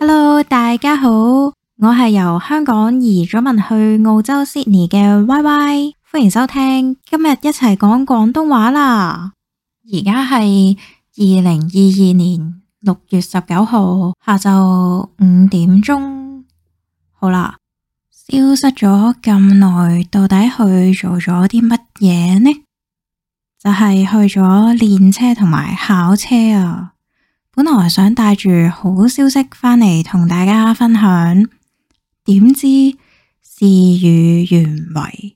Hello，大家好，我係由香港移咗民去澳洲 Sydney 嘅 Y Y，歡迎收聽，今日一齊講廣東話啦。而家係二零二二年六月十九號下晝五點鐘，好啦，消失咗咁耐，到底去做咗啲乜嘢呢？就係去咗練車同埋考車啊！本來想帶住好消息返嚟同大家分享，點知事與願違。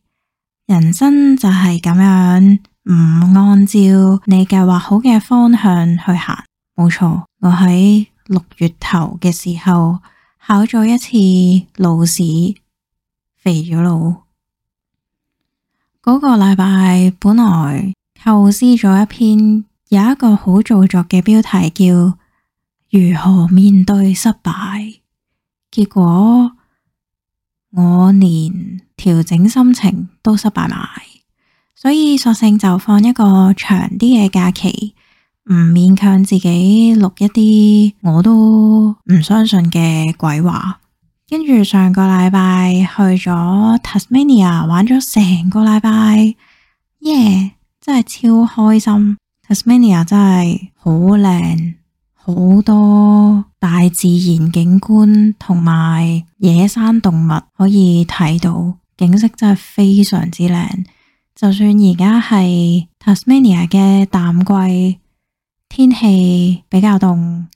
人生就係咁樣，唔按照你計劃好嘅方向去行。冇錯，我喺六月頭嘅時候考咗一次路試，肥咗咯。嗰個禮拜本來，構思咗一篇有一個好做作嘅標題，叫《如何面對失敗》。結果我連調整心情都失敗埋，所以索性就放一個長啲嘅假期，唔勉強自己錄一啲我都唔相信嘅鬼話。跟住上個禮拜去咗 Tasmania 玩咗成個禮拜，耶、yeah!！真係超開心，Tasmania 真係好靚，好多大自然景觀同埋野生動物可以睇到，景色真係非常之靚。就算而家係 Tasmania 嘅淡季，天氣比較凍，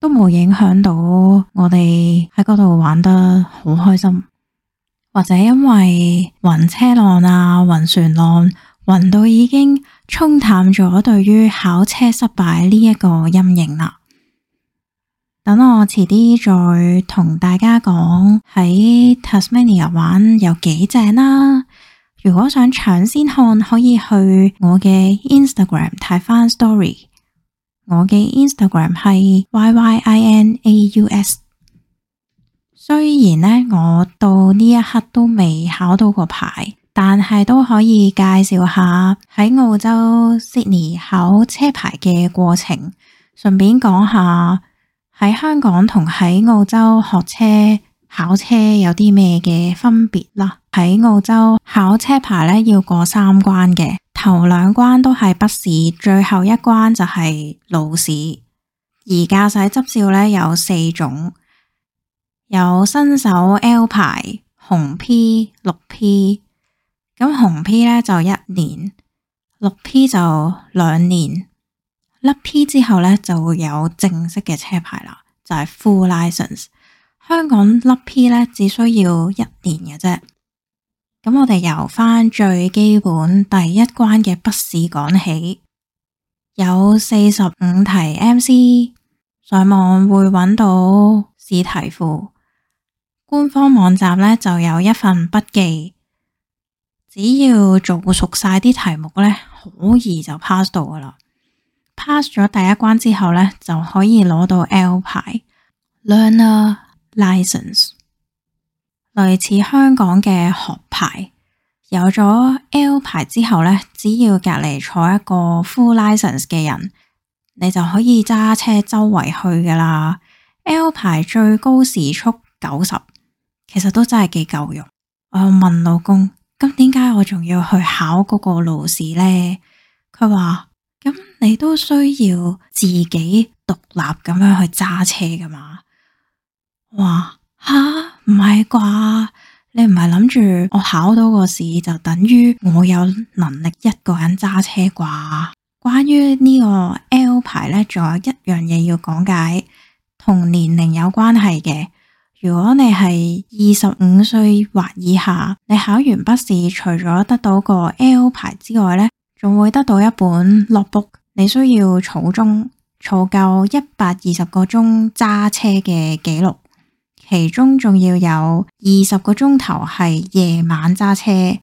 都冇影響到我哋喺嗰度玩得好開心。或者因為暈車浪啊，暈船浪。暈到已經沖淡咗對於考車失敗呢一個陰影啦。等我遲啲再同大家講喺 Tasmania 玩有幾正啦。如果想搶先看，可以去我嘅 Instagram 睇返 story。我嘅 Instagram 係 yyinaus。雖然呢，我到呢一刻都未考到個牌。但係都可以介紹下喺澳洲 Sydney 考車牌嘅過程，順便講下喺香港同喺澳洲學車考車有啲咩嘅分別啦。喺澳洲考車牌咧，要過三關嘅，頭兩關都係筆試，最後一關就係路試。而駕駛執照咧有四種，有新手 L 牌、紅 P、綠 P。咁紅 P 呢就一年，綠 P 就兩年。甩 P 之後呢就會有正式嘅車牌啦，就係 full license。香港甩 P 呢只需要一年嘅啫。咁我哋由返最基本第一關嘅筆試講起，有四十五題 MC，上網會揾到試題庫，官方網站呢就有一份筆記。只要做熟晒啲題目呢，好易就 pass 到噶啦。pass 咗第一關之後呢，就可以攞到 L 牌 learner a license，類似香港嘅學牌。有咗 L 牌之後呢，只要隔籬坐一個 full license 嘅人，你就可以揸車周圍去噶啦。L 牌最高時速九十，其實都真係幾夠用。我問老公。咁點解我仲要去考嗰個路試呢？佢話，咁你都需要自己獨立咁樣去揸車噶嘛？哇，吓，唔係啩？你唔係諗住我考到個試就等於我有能力一個人揸車啩？關於呢個 L 牌呢，仲有一樣嘢要講解，同年齡有關係嘅。如果你係二十五歲或以下，你考完筆試，除咗得到個 L 牌之外呢，仲會得到一本 logbook 你需要儲鐘儲夠一百二十個鐘揸車嘅記錄，其中仲要有二十個鐘頭係夜晚揸車。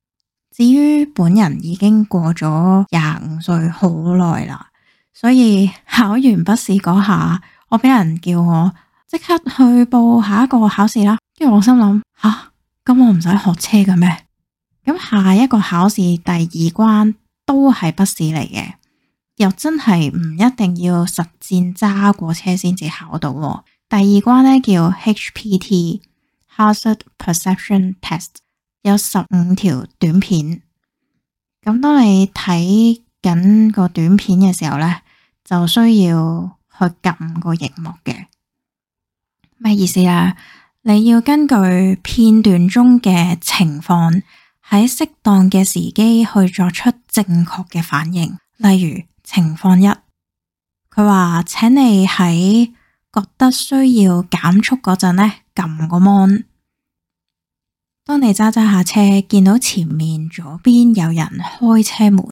至於本人已經過咗廿五歲好耐啦，所以考完筆試嗰下，我俾人叫我。即刻去報下一個考試啦，跟住我心諗吓，吓，咁我唔使學車嘅咩？咁下一個考試第二關都係筆試嚟嘅，又真係唔一定要實戰揸過車先至考到。第二關呢，叫 HPT Hazard Perception Test，有十五條短片。咁當你睇緊個短片嘅時候呢，就需要去撳個熒幕嘅。咩意思啊？你要根據片段中嘅情況，喺適當嘅時機去作出正確嘅反應。例如情況一，佢話請你喺覺得需要減速嗰陣呢，撳個 mon。當你揸揸下車，見到前面左邊有人開車門，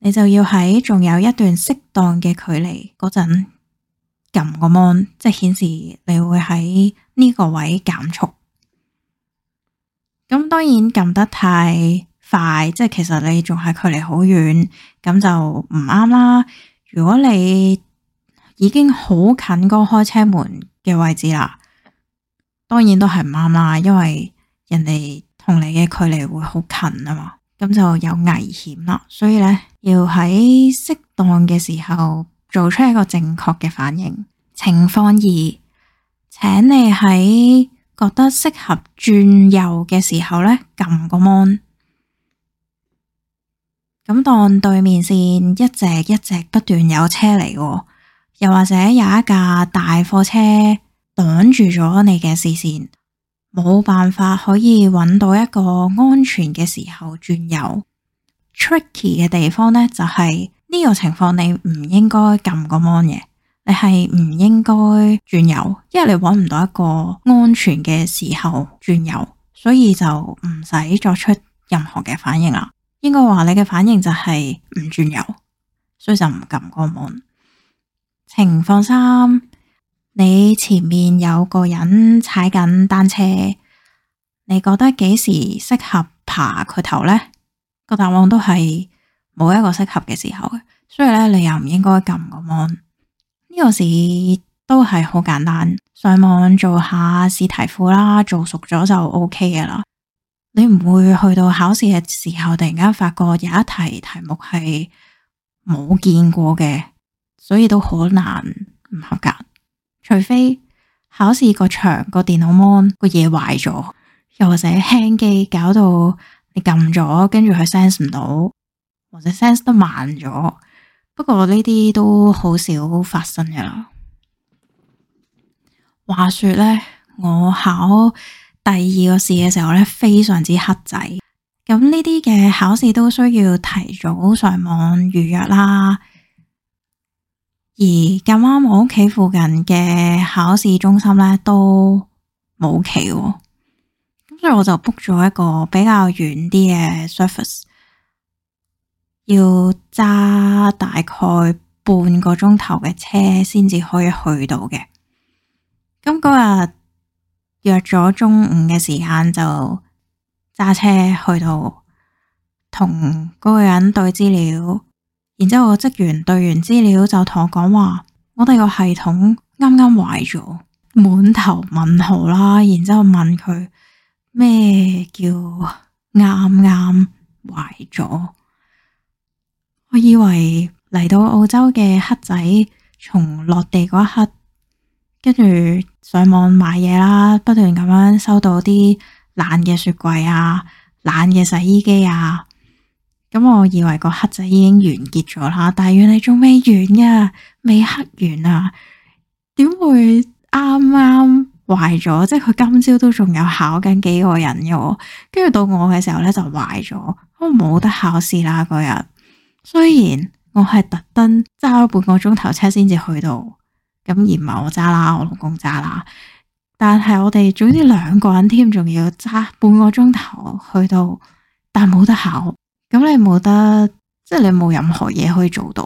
你就要喺仲有一段適當嘅距離嗰陣。撳個 mon，即係顯示你會喺呢個位減速。咁當然撳得太快，即係其實你仲係距離好遠，咁就唔啱啦。如果你已經好近個開車門嘅位置啦，當然都係唔啱啦，因為人哋同你嘅距離會好近啊嘛，咁就有危險啦。所以呢，要喺適當嘅時候。做出一個正確嘅反應。情況二，請你喺覺得適合轉右嘅時候呢，撳個 mon。咁當對面線一直一直不斷有車嚟，又或者有一架大貨車擋住咗你嘅視線，冇辦法可以揾到一個安全嘅時候轉右。tricky 嘅地方呢，就係、是。呢個情況你唔應該撳個門嘅，你係唔應該轉右，因為你揾唔到一個安全嘅時候轉右，所以就唔使作出任何嘅反應啦。應該話你嘅反應就係唔轉右，所以就唔撳個門。情況三：你前面有個人踩緊單車，你覺得幾時適合爬佢頭呢？個答案都係。冇一個適合嘅時候嘅，所以咧，你又唔應該撳個 mon。呢個事都係好簡單，上網做下試題庫啦，做熟咗就 OK 嘅啦。你唔會去到考試嘅時候，突然間發覺有一題題目係冇見過嘅，所以都好難唔合格。除非考試個場個電腦 mon 個嘢壞咗，又或者輕機搞到你撳咗，跟住佢 sense 唔到。或者 sense 得慢咗，不過呢啲都好少發生嘅啦。話說咧，我考第二個試嘅時候咧，非常之黑仔。咁呢啲嘅考試都需要提早上網預約啦。而咁啱我屋企附近嘅考試中心咧都冇期，咁所以我就 book 咗一個比較遠啲嘅 surface。要揸大概半個鐘頭嘅車先至可以去到嘅。咁嗰日約咗中午嘅時間就揸車去到同嗰個人對資料，然之後個職員對完資料就同我講話：我哋個系統啱啱壞咗，滿頭問號啦。然之後問佢咩叫啱啱壞咗？我以為嚟到澳洲嘅黑仔，從落地嗰一刻，跟住上網買嘢啦，不斷咁樣收到啲爛嘅雪櫃啊，爛嘅洗衣機啊，咁我以為個黑仔已經完結咗啦，但係原來仲未完啊，未黑完啊，點會啱啱壞咗？即係佢今朝都仲有考緊幾個人嘅，跟住到我嘅時候咧就壞咗，我冇得考試啦，嗰日。雖然我係特登揸咗半個鐘頭車先至去到，咁而唔係我揸啦，我老公揸啦。但係我哋總之兩個人添，仲要揸半個鐘頭去到，但冇得考，咁你冇得，即係你冇任何嘢可以做到。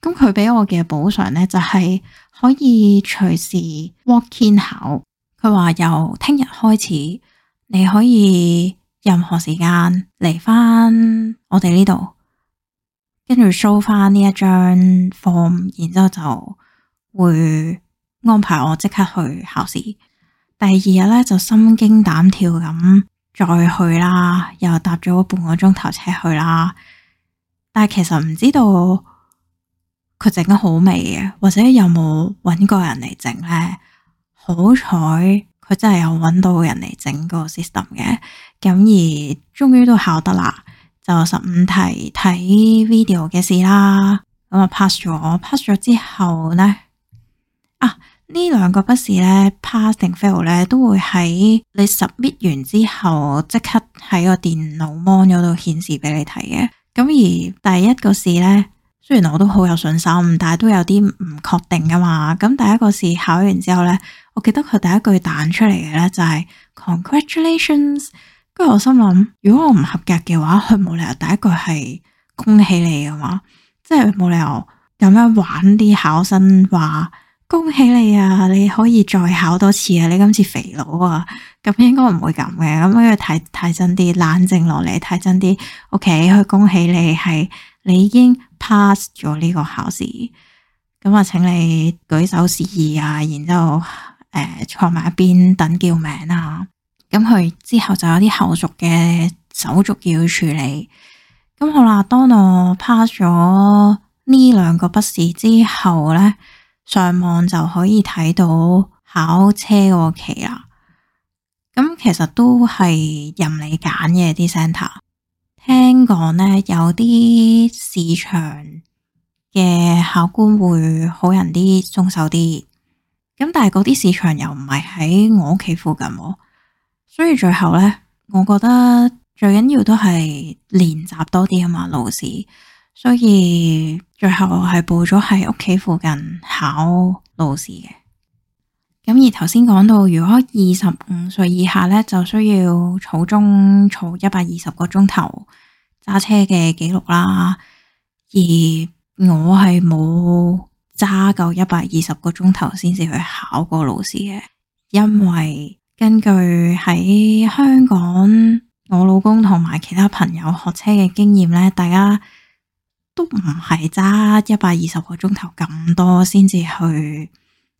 咁佢俾我嘅補償呢，就係可以隨時 walk in 考，佢話由聽日開始，你可以任何時間嚟返我哋呢度。跟住收翻呢一張 form，然之後就會安排我即刻去考試。第二日咧就心驚膽跳咁再去啦，又搭咗半個鐘頭車去啦。但係其實唔知道佢整得好未嘅，或者有冇搵過人嚟整咧？好彩佢真係有搵到人嚟整個 system 嘅，咁而終於都考得啦。就十五題睇 video 嘅事啦，咁啊 pass 咗，pass 咗之後呢，啊呢兩個筆試呢 pass 定 fail 呢都會喺你 submit 完之後即刻喺個電腦 mon 度顯示俾你睇嘅。咁而第一個試呢，雖然我都好有信心，但係都有啲唔確定㗎嘛。咁第一個試考完之後呢，我記得佢第一句彈出嚟嘅呢就係 Congratulations。跟住我心諗，如果我唔合格嘅話，佢冇理由第一句係恭喜你嘅嘛。即係冇理由咁樣玩啲考生話恭喜你啊，你可以再考多次啊，你今次肥佬啊，咁應該唔會咁嘅。咁我要睇睇真啲，冷靜落嚟，睇真啲。OK，佢恭喜你係你已經 pass 咗呢個考試，咁啊，請你舉手示意啊，然之後誒、呃、坐埋一邊等叫名啊。咁佢之後就有啲後續嘅手續要處理。咁好啦，當我 pass 咗呢兩個筆試之後呢，上網就可以睇到考車個期啦。咁其實都係任你揀嘅啲 centre。聽講呢，有啲市場嘅考官會好人啲，鬆手啲。咁但係嗰啲市場又唔係喺我屋企附近。所以最後呢，我覺得最緊要都係練習多啲啊嘛，路試。所以最後係報咗喺屋企附近考路試嘅。咁而頭先講到，如果二十五歲以下呢，就需要儲中儲一百二十個鐘頭揸車嘅記錄啦。而我係冇揸夠一百二十個鐘頭，先至去考個路試嘅，因為。根據喺香港，我老公同埋其他朋友學車嘅經驗咧，大家都唔係揸一百二十個鐘頭咁多先至去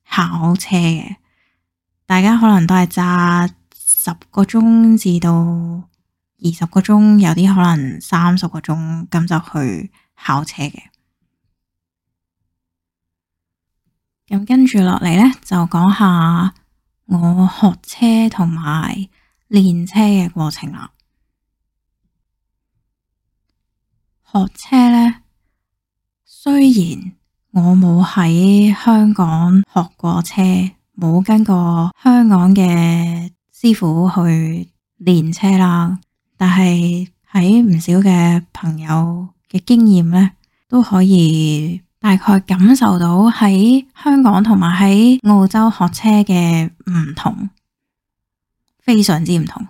考車嘅。大家可能都係揸十個鐘至到二十個鐘，有啲可能三十個鐘咁就去考車嘅。咁跟住落嚟咧，就講下。我學車同埋練車嘅過程啦，學車呢，雖然我冇喺香港學過車，冇跟過香港嘅師傅去練車啦，但係喺唔少嘅朋友嘅經驗呢，都可以。大概感受到喺香港同埋喺澳洲學車嘅唔同，非常之唔同。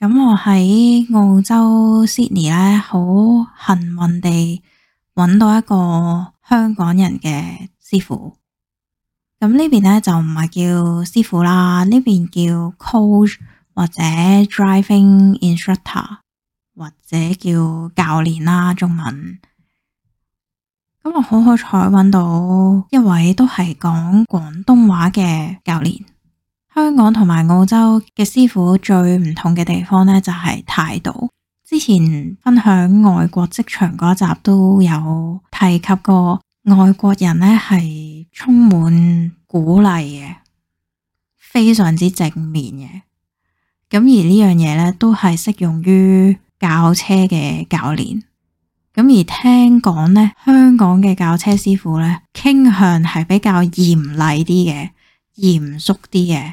咁我喺澳洲 Sydney 咧，好幸運地搵到一個香港人嘅師傅。咁呢邊咧就唔係叫師傅啦，呢邊叫 Coach 或者 Driving Instructor 或者叫教練啦，中文。咁我好好彩搵到一位都係講廣東話嘅教練。香港同埋澳洲嘅師傅最唔同嘅地方呢，就係態度。之前分享外國職場嗰集都有提及過，外國人呢，係充滿鼓勵嘅，非常之正面嘅。咁而呢樣嘢呢，都係適用於教車嘅教練。咁而聽講咧，香港嘅教車師傅咧，傾向係比較嚴厲啲嘅，嚴肅啲嘅。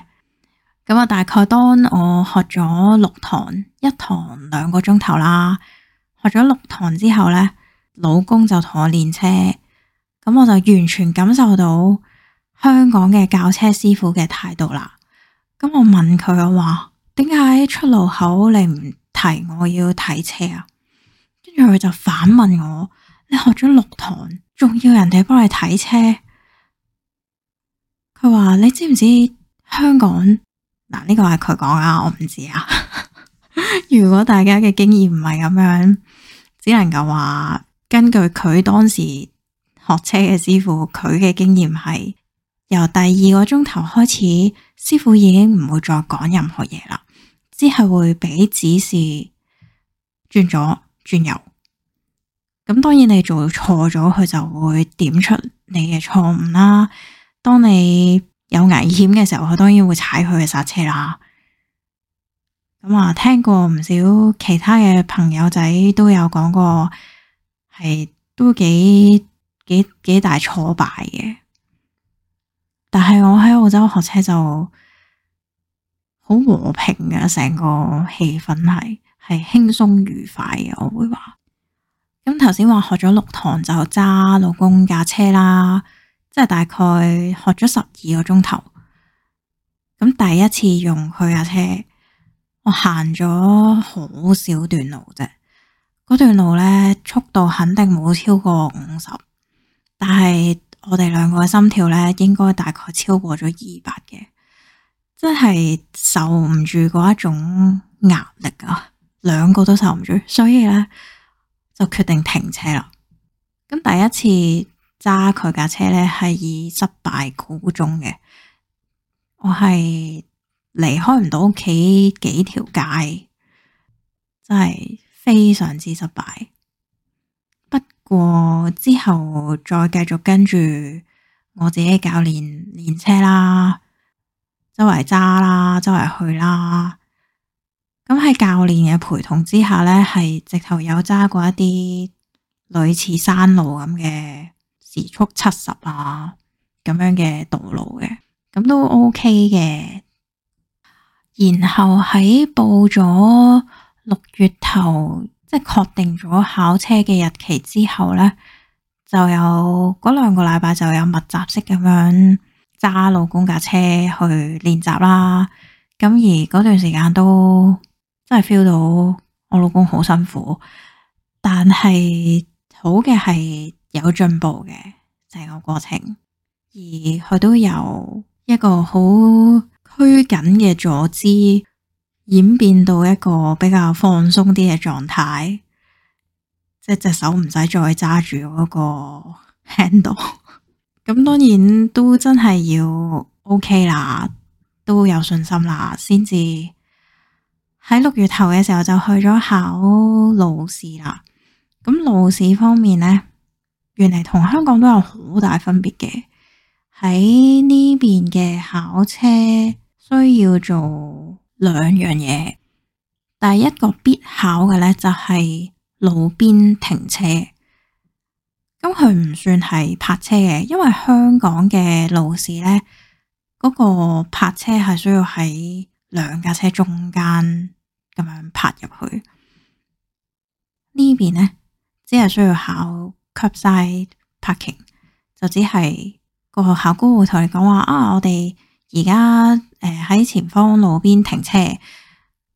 咁我大概當我學咗六堂，一堂兩個鐘頭啦，學咗六堂之後咧，老公就同我練車，咁我就完全感受到香港嘅教車師傅嘅態度啦。咁我問佢話：「點解出路口你唔提我要睇車啊？」然後佢就反問我：你學咗六堂，仲要人哋幫你睇車？佢話：你知唔知香港嗱？呢個係佢講啊，這個、我唔知啊。 如果大家嘅經驗唔係咁樣，只能夠話根據佢當時學車嘅師傅，佢嘅經驗係由第二個鐘頭開始，師傅已經唔會再講任何嘢啦，只係會俾指示轉左轉右。咁當然你做錯咗，佢就會點出你嘅錯誤啦。當你有危險嘅時候，佢當然會踩佢嘅剎車啦。咁啊，聽過唔少其他嘅朋友仔都有講過，係都幾幾幾大挫敗嘅。但係我喺澳洲學車就好和平嘅，成個氣氛係係輕鬆愉快嘅，我會話。咁頭先話學咗六堂就揸老公架車啦，即係大概學咗十二個鐘頭。咁第一次用佢架車，我行咗好少段路啫。嗰段路呢，速度肯定冇超過五十，但係我哋兩個嘅心跳呢，應該大概超過咗二百嘅，真係受唔住嗰一種壓力啊！兩個都受唔住，所以呢。就決定停車啦。咁第一次揸佢架車咧，係以失敗告終嘅。我係離開唔到屋企幾條街，真係非常之失敗。不過之後再繼續跟住我自己教練練車啦，周圍揸啦，周圍去啦。咁喺教練嘅陪同之下呢，係直頭有揸過一啲類似山路咁嘅，時速七十啊，咁樣嘅道路嘅，咁都 OK 嘅。然後喺報咗六月頭，即係確定咗考車嘅日期之後呢，就有嗰兩個禮拜就有密集式咁樣揸老公架車去練習啦。咁而嗰段時間都。真係 feel 到我老公好辛苦，但係好嘅係有進步嘅成個過程，而佢都由一個好拘緊嘅坐姿，演變到一個比較放鬆啲嘅狀態，即隻手唔使再揸住嗰個 handle。咁 當然都真係要 OK 啦，都有信心啦，先至。喺六月頭嘅時候就去咗考路試啦。咁路試方面呢，原來同香港都有好大分別嘅。喺呢邊嘅考車需要做兩樣嘢。第一個必考嘅呢，就係路邊停車。咁佢唔算係泊車嘅，因為香港嘅路試呢，嗰個泊車係需要喺兩架車中間。咁樣泊入去呢邊呢，只係需要考 curbside parking。就只係個考官會同你講話啊！我哋而家誒喺前方路邊停車，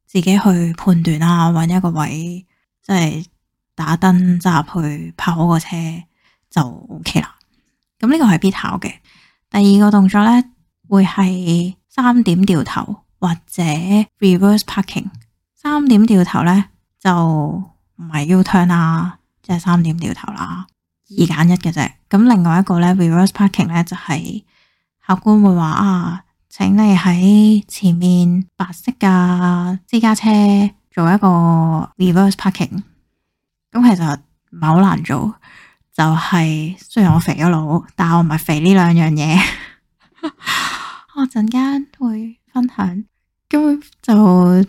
自己去判斷啊，搵一個位，即係打燈扎入去泊好個車就 ok 啦。咁呢個係必考嘅。第二個動作呢，會係三點掉頭或者 reverse parking。三點掉頭咧就唔係 U-turn 啦，即係、就是、三點掉頭啦，二揀一嘅啫。咁另外一個咧 reverse parking 咧就係、是、客官考官會話啊，請你喺前面白色嘅私家車做一個 reverse parking。咁其實唔係好難做，就係、是、雖然我肥咗佬，但我唔係肥呢兩樣嘢。 我陣間會分享。咁就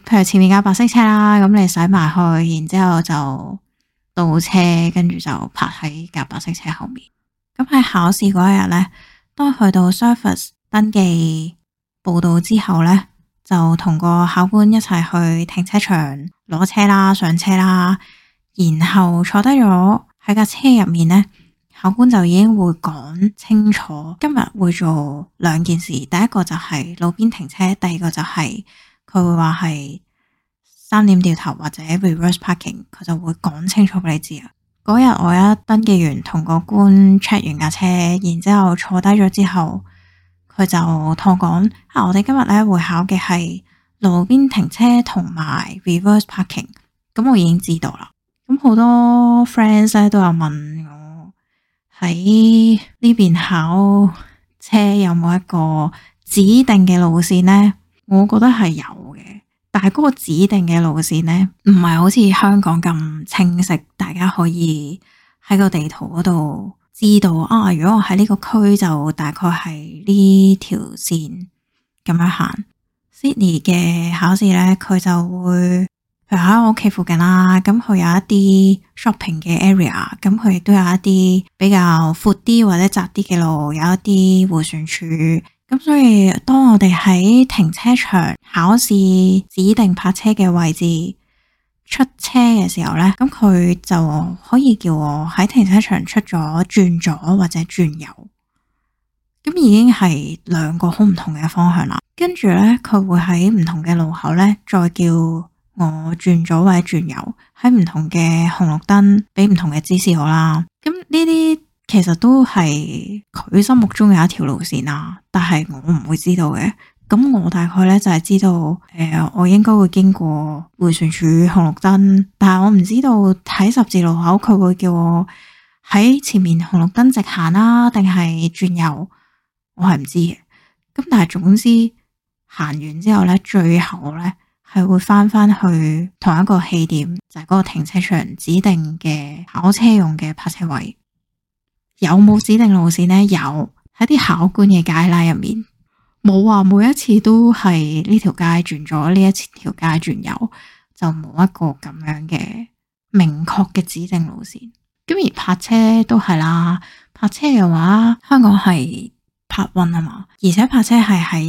譬如前面架白色車啦，咁你駛埋去，然之後就倒車，跟住就泊喺架白色車後面。咁喺考試嗰日呢，當去到 Service 登記報到之後呢，就同個考官一齊去停車場攞車啦、上車啦，然後坐低咗喺架車入面呢。考官就已經會講清楚，今日會做兩件事，第一個就係路邊停車，第二個就係佢會話係三點掉頭或者 reverse parking，佢就會講清楚俾你知啊。嗰日我一登記完，同個官 check 完架車，然之後坐低咗之後，佢就同我講：啊，我哋今日咧會考嘅係路邊停車同埋 reverse parking。咁我已經知道啦。咁好多 friends 咧都有問我。喺呢邊考車有冇一個指定嘅路線呢？我覺得係有嘅，但係嗰個指定嘅路線呢，唔係好似香港咁清晰，大家可以喺個地圖嗰度知道啊。如果我喺呢個區，就大概係呢條線咁樣行。Sydney 嘅考試呢，佢就會。佢喺我屋企附近啦，咁佢有一啲 shopping 嘅 area，咁佢亦都有一啲比較闊啲或者窄啲嘅路，有一啲回旋處。咁所以當我哋喺停車場考試指定泊車嘅位置出車嘅時候呢，咁佢就可以叫我喺停車場出咗轉左或者轉右，咁已經係兩個好唔同嘅方向啦。跟住呢，佢會喺唔同嘅路口呢，再叫。我轉左或者轉右，喺唔同嘅紅綠燈俾唔同嘅指示我啦。咁呢啲其實都係佢心目中有一條路線啊，但係我唔會知道嘅。咁我大概呢，就係知道，誒、呃，我應該會經過迴旋處、紅綠燈，但係我唔知道喺十字路口佢會叫我喺前面紅綠燈直行啦，定係轉右，我係唔知嘅。咁但係總之行完之後呢，最後呢。係會翻翻去同一個起點，就係、是、嗰個停車場指定嘅考車用嘅泊車位。有冇指定路線呢？有喺啲考官嘅街拉入面冇啊！每一次都係呢條街轉咗呢一次條街轉右，就冇一個咁樣嘅明確嘅指定路線。咁而泊車都係啦，泊車嘅話，話，香港係泊運啊嘛，而且泊車係喺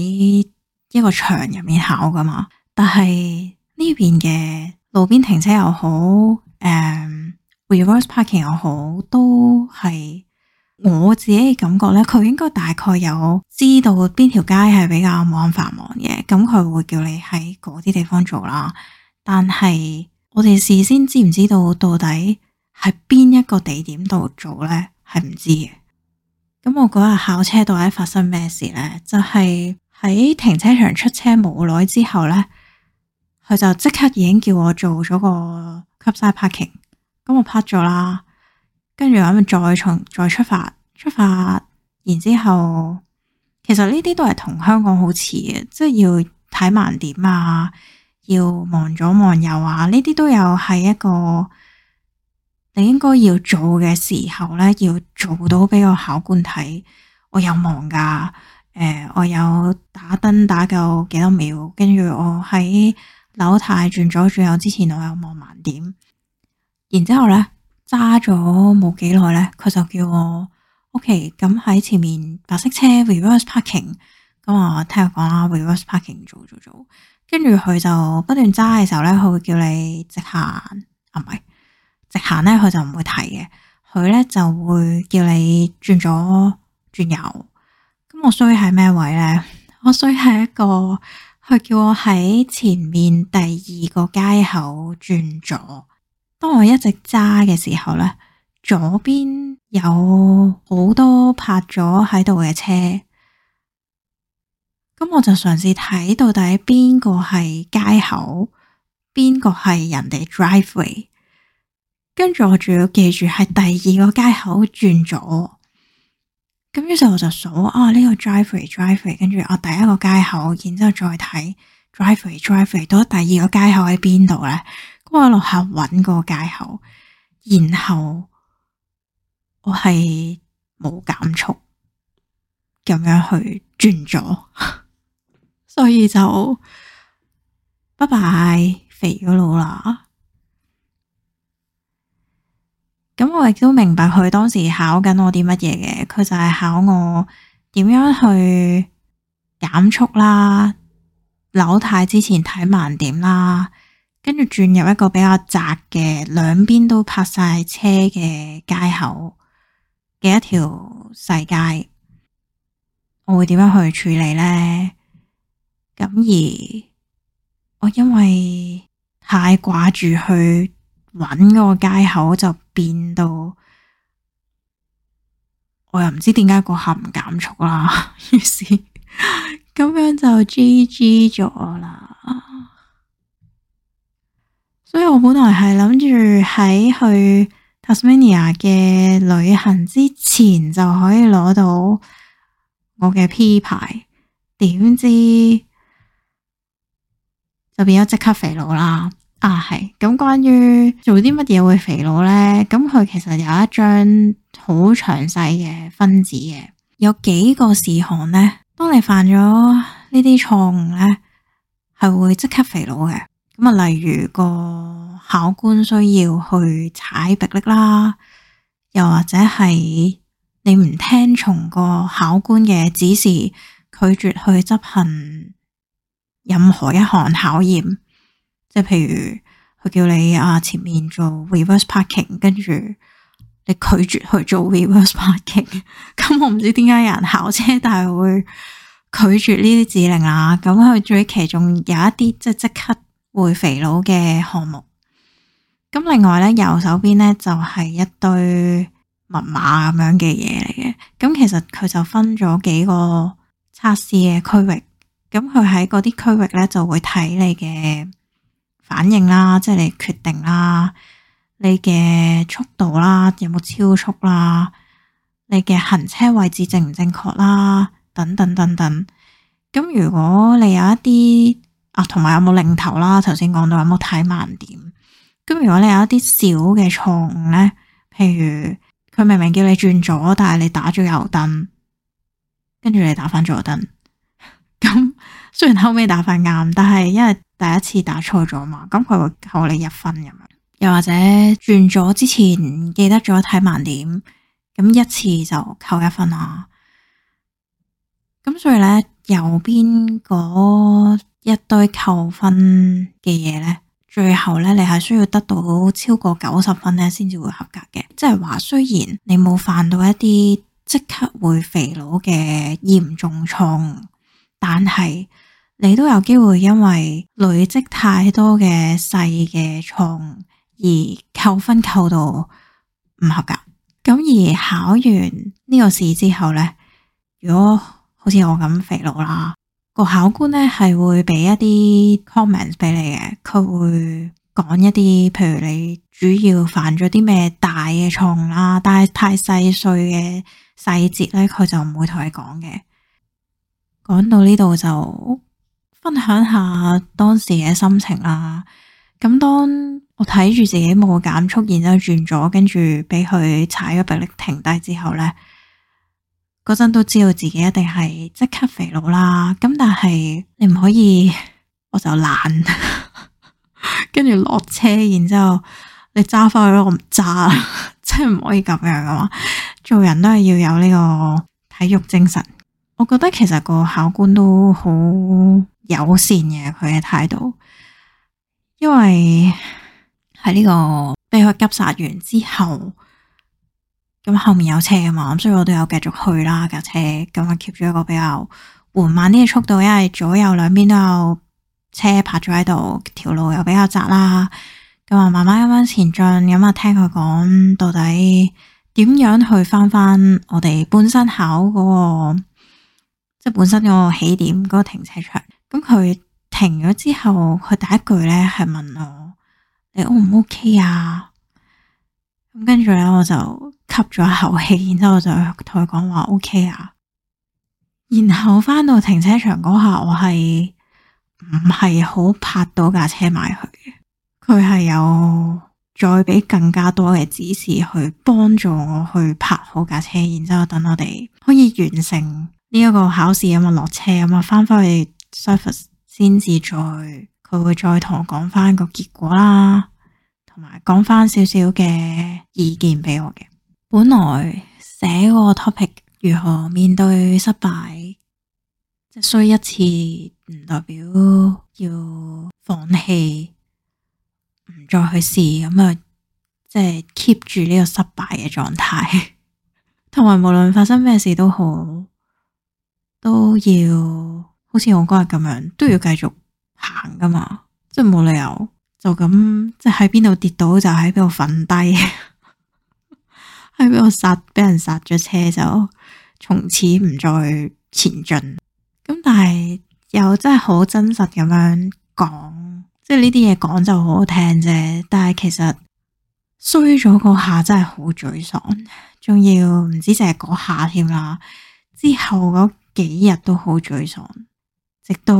一個場入面考噶嘛。但係呢邊嘅路邊停車又好，誒，reverse parking 又好，都係我自己嘅感覺咧。佢應該大概有知道邊條街係比較冇咁繁忙嘅，咁佢會叫你喺嗰啲地方做啦。但係我哋事先知唔知道到底喺邊一個地點度做咧？係唔知嘅。咁我嗰日考車到底發生咩事咧？就係喺停車場出車冇耐之後咧，佢就即刻已經叫我做咗個 curbside parking，咁我拍咗啦，跟住話咪再從再出發，出發，然後之後其實呢啲都係同香港好似嘅，即係要睇盲點啊，要望左望右啊，呢啲都有係一個你應該要做嘅時候咧，要做到俾個考官睇，我有望噶，誒、呃，我有打燈打夠幾多秒，跟住我喺。扭太轉左轉右之前我有望盲點，然之後咧揸咗冇幾耐咧，佢就叫我 OK 咁喺前面白色車 reverse parking，咁我聽佢講啦 reverse parking 做做做，跟住佢就不斷揸嘅時候咧，佢會叫你直行，啊唔係直行咧，佢就唔會提嘅，佢咧就會叫你轉左轉右，咁我衰喺咩位咧？我衰喺一個。佢叫我喺前面第二個街口轉左。當我一直揸嘅時候咧，左邊有好多泊咗喺度嘅車。咁我就嘗試睇到底邊個係街口，邊個係人哋 driveway。跟住我仲要記住係第二個街口轉左。咁於是我就數啊，呢、這個 driveway driveway 跟住我第一個街口，然之後再睇 driveway driveway 到第二個街口喺邊度咧，咁我落下搵個街口，然後我係冇減速咁樣去轉咗，所以就拜拜肥佬啦。咁我亦都明白佢當時考緊我啲乜嘢嘅，佢就係考我點樣去減速啦、扭軚、之前睇盲點啦，跟住轉入一個比較窄嘅兩邊都泊晒車嘅街口嘅一條細街，我會點樣去處理呢？咁而我因為太掛住去。搵個街口就變到，我又唔知點解個客唔減速啦，於是咁 樣就 G G 咗啦。所以我本來係諗住喺去 Tasmania 嘅旅行之前就可以攞到我嘅 P 牌，點知就變咗即刻肥佬啦。啊，係咁，關於做啲乜嘢會肥佬呢？咁佢其實有一張好詳細嘅分子嘅，有幾個事項呢：當你犯咗呢啲錯誤呢，係會即刻肥佬嘅。咁啊，例如個考官需要去踩迫力啦，又或者係你唔聽從個考官嘅指示，拒絕去執行任何一項考驗。即係譬如佢叫你啊前面做 reverse parking，跟住你拒絕去做 reverse parking，咁 我唔知點解有人考車但係會拒絕呢啲指令啊。咁佢最其中有一啲即係即刻會肥佬嘅項目。咁另外咧，右手邊咧就係一堆密碼咁樣嘅嘢嚟嘅。咁其實佢就分咗幾個測試嘅區域。咁佢喺嗰啲區域咧就會睇你嘅反應啦，即係你決定啦，你嘅速度啦，有冇超速啦，你嘅行車位置正唔正確啦，等等等等。咁如果你有一啲啊，同埋有冇擰頭啦，頭先講到有冇睇盲點。咁如果你有一啲小嘅錯誤咧，譬如佢明明叫你轉左，但係你打咗右燈，跟住你打翻左燈。咁 雖然後尾打翻啱，但係因為。第一次打錯咗嘛，咁佢會扣你一分咁樣，又或者轉咗之前記得咗睇盲點，咁一次就扣一分啊。咁所以呢，右邊嗰一堆扣分嘅嘢呢，最後呢，你係需要得到超過九十分呢先至會合格嘅。即係話雖然你冇犯到一啲即刻會肥佬嘅嚴重錯誤，但係。你都有機會因為累積太多嘅細嘅錯誤而扣分扣到唔合格。咁而考完呢個試之後呢，如果好似我咁肥佬啦，個考官呢係會俾一啲 comments 俾你嘅，佢會講一啲，譬如你主要犯咗啲咩大嘅錯誤啦，但係太細碎嘅細節呢，佢就唔會同你講嘅。講到呢度就。分享下當時嘅心情啦。咁當我睇住自己冇減速，然之後轉咗，跟住俾佢踩咗，迫力停低之後咧，嗰陣都知道自己一定係即刻肥佬啦。咁但係你唔可以，我就懶跟住落車，然之後你揸翻去我唔揸，即係唔可以咁樣啊嘛。做人都係要有呢個體育精神。我覺得其實個考官都好。友善嘅佢嘅態度，因為喺呢個俾佢急剎完之後，咁後面有車啊嘛，所以我都有繼續去啦架車，咁啊 keep 住一個比較緩慢啲嘅速度，因為左右兩邊都有車泊咗喺度，條路又比較窄啦，咁啊慢慢慢慢前進，咁啊聽佢講到底點樣去翻翻我哋本身考嗰個即係本身個起點嗰個停車場。佢停咗之後，佢第一句咧係問我，你 O 唔 O K 啊？咁跟住咧，我就吸咗一口氣，然之後我就同佢講話 O K 啊。然後翻到停車場嗰下，我係唔係好泊到架車埋去？佢係有再俾更加多嘅指示去幫助我去泊好架車，然之後等我哋可以完成呢一個考試啊嘛，落車啊嘛，翻返去。surface 先至再，佢會再同我講翻個結果啦，同埋講翻少少嘅意見俾我嘅。本來寫個 topic，如何面對失敗，即係衰一次唔代表要放棄，唔再去試咁啊，即係 keep 住呢個失敗嘅狀態，同埋無論發生咩事都好，都要。好似我嗰日咁樣都要繼續行噶嘛，即係冇理由就咁即係喺邊度跌倒就喺邊度瞓低，喺邊度殺俾人殺咗車就從此唔再前進。咁但係又真係好真實咁樣講，即係呢啲嘢講就好好聽啫。但係其實衰咗嗰下真係好沮喪，仲要唔知淨係嗰下添啦，之後嗰幾日都好沮喪。直到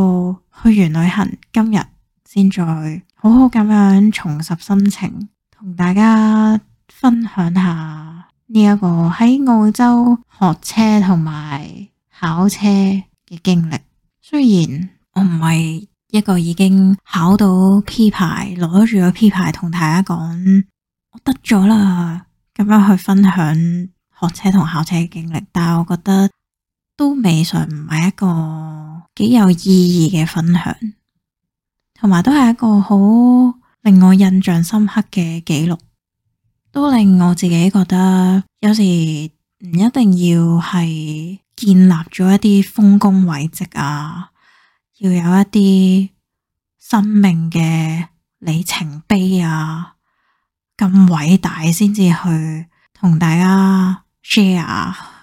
去完旅行，今日先再好好咁樣重拾心情，同大家分享下呢一個喺澳洲學車同埋考車嘅經歷。雖然我唔係一個已經考到 P 牌，攞住個 P 牌，同大家講我得咗啦，咁樣去分享學車同考車嘅經歷，但係我覺得，都未嘗唔係一個幾有意義嘅分享，同埋都係一個好令我印象深刻嘅記錄，都令我自己覺得有時唔一定要係建立咗一啲豐功偉績啊，要有一啲生命嘅里程碑啊，咁偉大先至去同大家 share。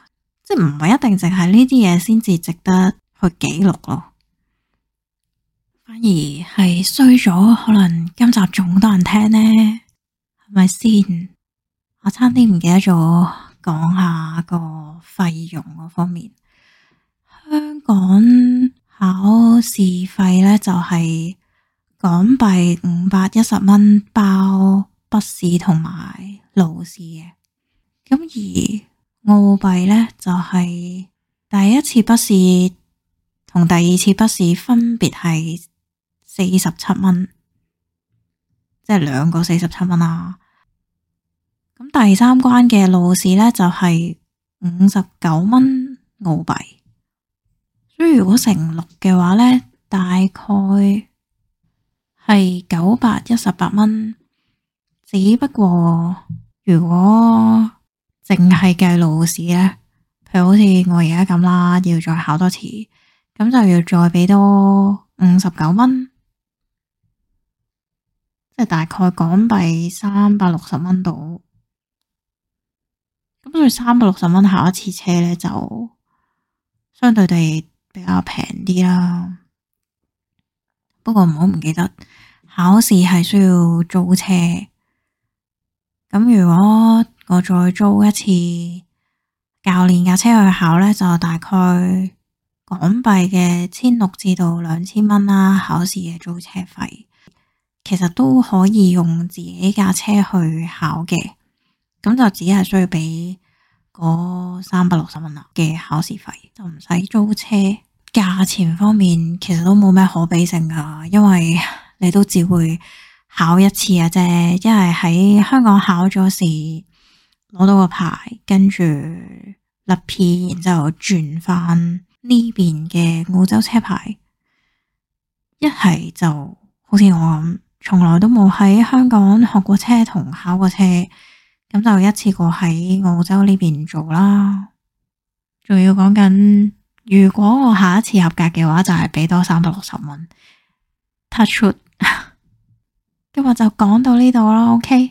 即唔係一定淨係呢啲嘢，先至值得去記錄咯，反而係衰咗，可能今集仲多人聽呢，係咪先？我差啲唔記得咗講下個費用嗰方面，香港考試費咧就係港幣五百一十蚊包筆試同埋路試嘅，咁而，澳幣咧就係第一次筆試同第二次筆試分別係四十七蚊，即係兩個四十七蚊啦。咁第三關嘅路試咧就係五十九蚊澳幣，所以如果乘六嘅話咧，大概係九百一十八蚊。只不過如果，淨係計路試咧，佢好似我而家咁啦，要再考多次，咁就要再畀多五十九蚊，即係大概港幣三百六十蚊度。咁所以三百六十蚊考一次車咧，就相對地比較平啲啦。不過唔好唔記得考試係需要租車，咁如果，我再租一次教練架車去考呢，就大概港幣嘅千六至到兩千蚊啦。考試嘅租車費其實都可以用自己架車去考嘅，咁就只係需要俾嗰三百六十蚊啦嘅考試費，就唔使租車。價錢方面其實都冇咩可比性㗎，因為你都只會考一次啊，啫，一係喺香港考咗試。攞到個牌，跟住甩 P，然之後轉翻呢邊嘅澳洲車牌，一係就好似我咁，從來都冇喺香港學過車同考過車，咁就一次過喺澳洲呢邊做啦。仲要講緊，如果我下一次合格嘅話，就係、是、畀多三百六十蚊 touch，跟住今日就講到呢度啦，OK。